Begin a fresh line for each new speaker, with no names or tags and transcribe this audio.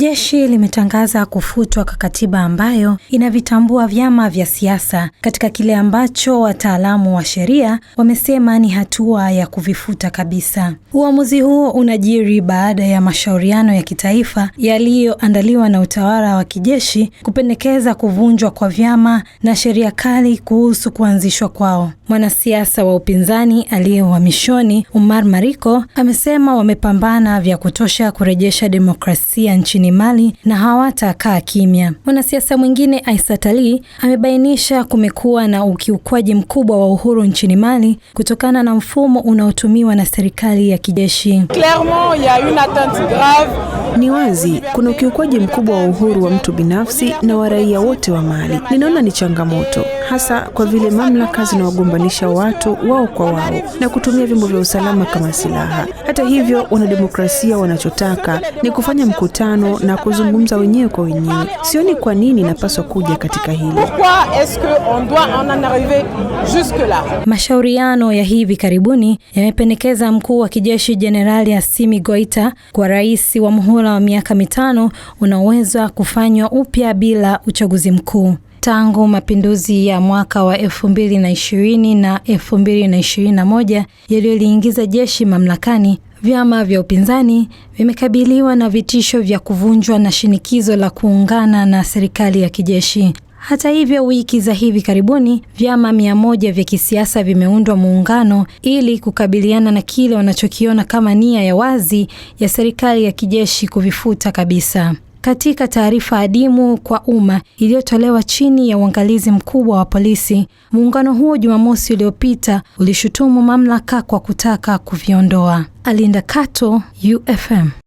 Jeshi limetangaza kufutwa kwa katiba ambayo inavitambua vyama vya siasa katika kile ambacho wataalamu wa sheria wamesema ni hatua ya kuvifuta kabisa. Uamuzi huo unajiri baada ya mashauriano ya kitaifa yaliyoandaliwa na utawala wa kijeshi kupendekeza kuvunjwa kwa vyama na sheria kali kuhusu kuanzishwa kwao. Mwanasiasa wa upinzani aliye uhamishoni Umar Mariko amesema wamepambana vya kutosha kurejesha demokrasia nchini nchini Mali na hawatakaa kimya. Mwanasiasa mwingine Aissata Ali amebainisha kumekuwa na ukiukwaji mkubwa wa uhuru nchini Mali kutokana na mfumo unaotumiwa na serikali ya kijeshi.
Clairement, il y a une atteinte grave
ni wazi kuna ukiukwaji mkubwa wa uhuru wa mtu binafsi na wa raia wote wa Mali. Ninaona ni changamoto hasa kwa vile mamlaka zinawagombanisha watu wao kwa wao na kutumia vyombo vya usalama kama silaha. Hata hivyo, wanademokrasia wanachotaka ni kufanya mkutano na kuzungumza wenyewe kwa wenyewe. Sioni kwa nini inapaswa kuja katika hili. Mashauriano ya hivi karibuni yamependekeza mkuu wa kijeshi Jenerali asimi Goita kwa rais wa muhuri muhula wa miaka mitano unaweza kufanywa upya bila uchaguzi mkuu. Tangu mapinduzi ya mwaka wa 2020 na 2021 yaliyoliingiza jeshi mamlakani, vyama vya upinzani vimekabiliwa na vitisho vya kuvunjwa na shinikizo la kuungana na serikali ya kijeshi. Hata hivyo, wiki za hivi karibuni vyama mia moja vya kisiasa vimeundwa muungano ili kukabiliana na kile wanachokiona kama nia ya wazi ya serikali ya kijeshi kuvifuta kabisa. Katika taarifa adimu kwa umma iliyotolewa chini ya uangalizi mkubwa wa polisi, muungano huo Jumamosi uliopita ulishutumu mamlaka kwa kutaka kuviondoa. Alinda Kato, UFM.